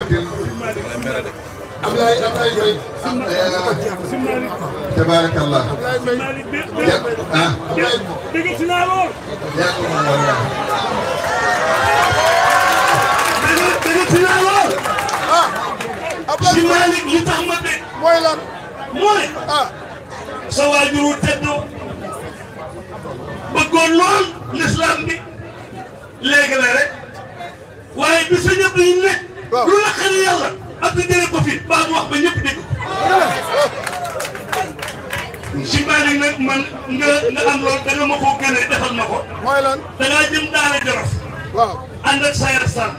Ablaye Ablaye Mbaye tabaarakallah ah dégg naa lool dégg naa lool ah Ablaye Mbaye li tax ma de mooy lan mooy ah sa waajuru tedd bëggoon lool l'islam bi léegi la rek waaye bi sa ñëpp yi nekk lu la xëy yàlla am na njëriñ ko fi baa mu wax ba ñëpp dégg ko. si bàyyi nag man nga nga am loolu danga ma koo génne defal ma ko. mooy lan dangaa jëm daara Jolof. waaw ànd ak Sayar Sall.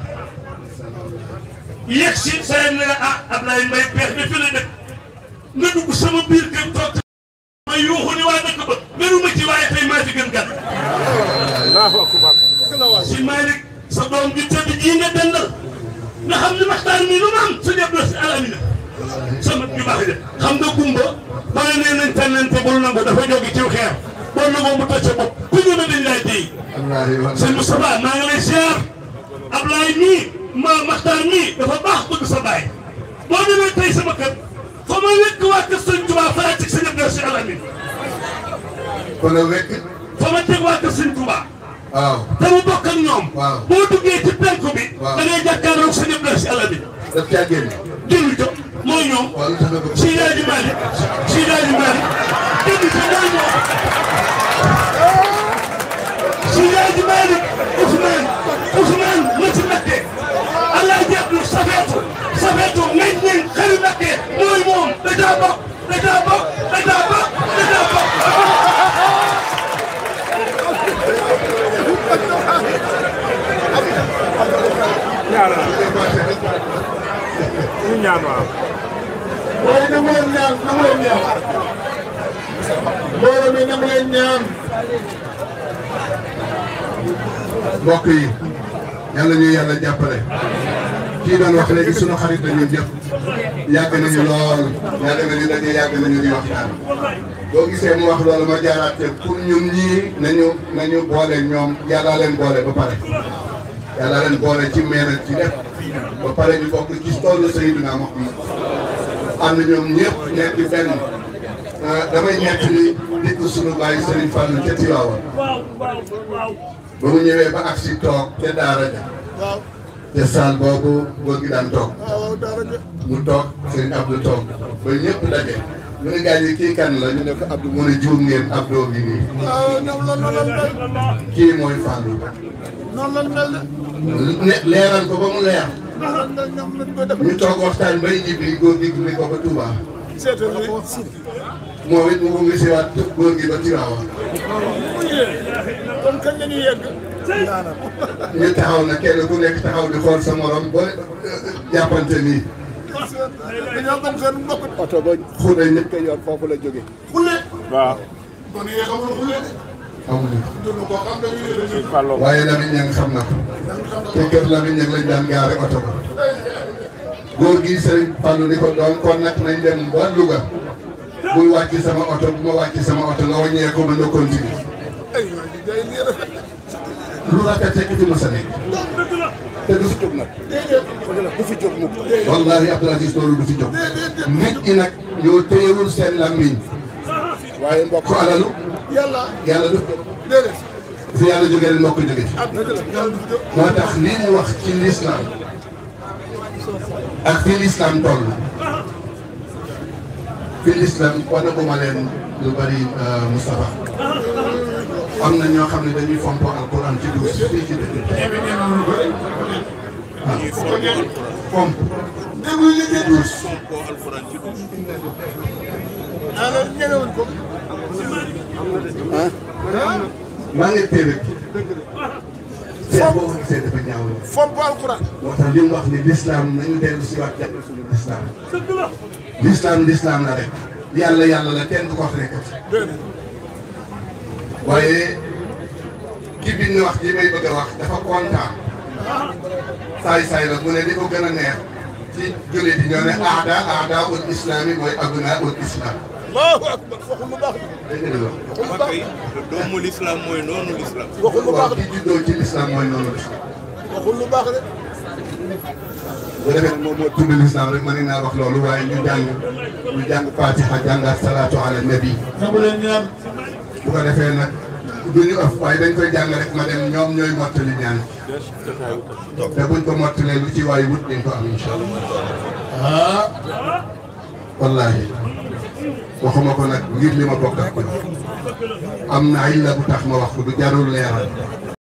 yegg si Sayar ne la ah Ablaye Mbaye peex bi fi la dëkk nga dugg sama biir kër toog ma yuuxu ni waa dëkk ba gënuma ci waaye tey maa ci gën gàtt. waaw waaw waaw. si Malick sa doom bi tëdd ji nga dendal. nga xam ni waxtaan mi lu ma am sa jot la si alamina sama ñu baax de xam nga gumba wala nee nañ tànnante bul nangu dafa jóge ciw xeer boo nangoo mu toj sa bopp ku ñu ne dañ laay dee sëñ maa ngi lay ziar Ablaye mii maa maxtaar mii dafa baax bëgg sa baay boo demee tey sama kër fa ma wekk waa kër sëñ Touba faratik sa jot la si waaw te mu bokk ak ñoom. waaw boo duggee ci penku bi. waaw da ngay jàkkaarloog sa ñëpp si àll bi. daf caa génn. jëlu jë mooy ñoom. waaw lu tax nga bëgg. si daal di Malick si daal di Malick dégg si daal waaye nangu leen ñaan nangu leen ñaan mbooloo mi nangu leen ñaan mbokk yi yàlla ñuy yàlla jàppale kii doon wax léegi sunu xarit la ñun ñëpp yàgg nañu lool yàgg nañu dañuy yàgg nañu di waxtaan boo gisee mu wax loolu ma jaaraat te pour ñun ñii nañu nañu boole ñoom yàllaa leen boole ba pare yàllaa leen boole ci meeral ci def ba pare ñu ànd ñoom ñëpp nekk benn euh, damay nekk ni dikk sunu bàyyi Serigne Fallou ca Tiwaawan ba mu ñëwee ba agsi toog ca daara ja te boobu góor gi toog mu toog Serigne Abdou toog ba ñëpp daje mu ne gaañ yi kii kan la ne ko Abdou mu ne juum ngeen Abdou bi nii kii mooy Fallou ne leeral ko ba mu leer ñu toog waxtaan bay ñibbi góor gi gunge ko ba Touba. moom it mu gunge si waat góor gi ba Tiwaawan. kon kañ la ñuy taxaw na kenn ku nekk taxaw di xool sa morom ba euh, jàppante nii. oto ba xule ñëpp koy yor foofu la jóge. waaw. waaye Lamine ñang xam na ko te kër Lamine ñang daan gaare oto ko góor gi Serigne ni ko doon kon nag nañ dem ba Louga bul wàcc sama oto bu ma wàcc sama oto nga wàññee ko mën a continuer lu rafet rek fi mos a nekk te du fi jóg nag du fi jóg mukk wallaahi Abdoul Aziz loolu du fi jóg nit ñi nag ñoo téyewul seen làmmiñ waaye mbokk alalu yàlla yàlla du fi yàlla jógee leen moo koy jógee moo tax li mu wax ci lislaam ak fi lislaam toll fi lislaam wane ko ma leen lu bari euh, Moustapha ah. maa ngi teel rek. seet boo xam moo tax li wax ni lislaam nañu dellu si waat jàpp suñu lislaam. lislaam lislaam la rek. yàlla yàlla la kenn du ko wax rek. waaye ki bi ñu wax li may bëgg a wax dafa kontaan. saay saay la mu ne li ko gën a neex. ci jullit ñoo ne aada aada ul islaami mooy abnaa ul islam. allahu akbar waxu lu baax waxu lu baax doomu lislaam mooy noonu lislaam waxu lu baax ci lislaam lislaam waxu lu baax de bu defee moom moo tudd lislaam rek mën wax loolu waaye ñu jàng ñu jàng fatiha jàngaat salaatu ala nabi bu defee nag du ñu ëff waaye dañ koy jàng rek ma dem ñoom ñooy mottali ñaan te buñ ko mottalee lu ci waay wut dañ ko am incha ah wallaahi waxuma ko nag ngir li ma bokk ak am na ay la ma wax ko du jarul leeral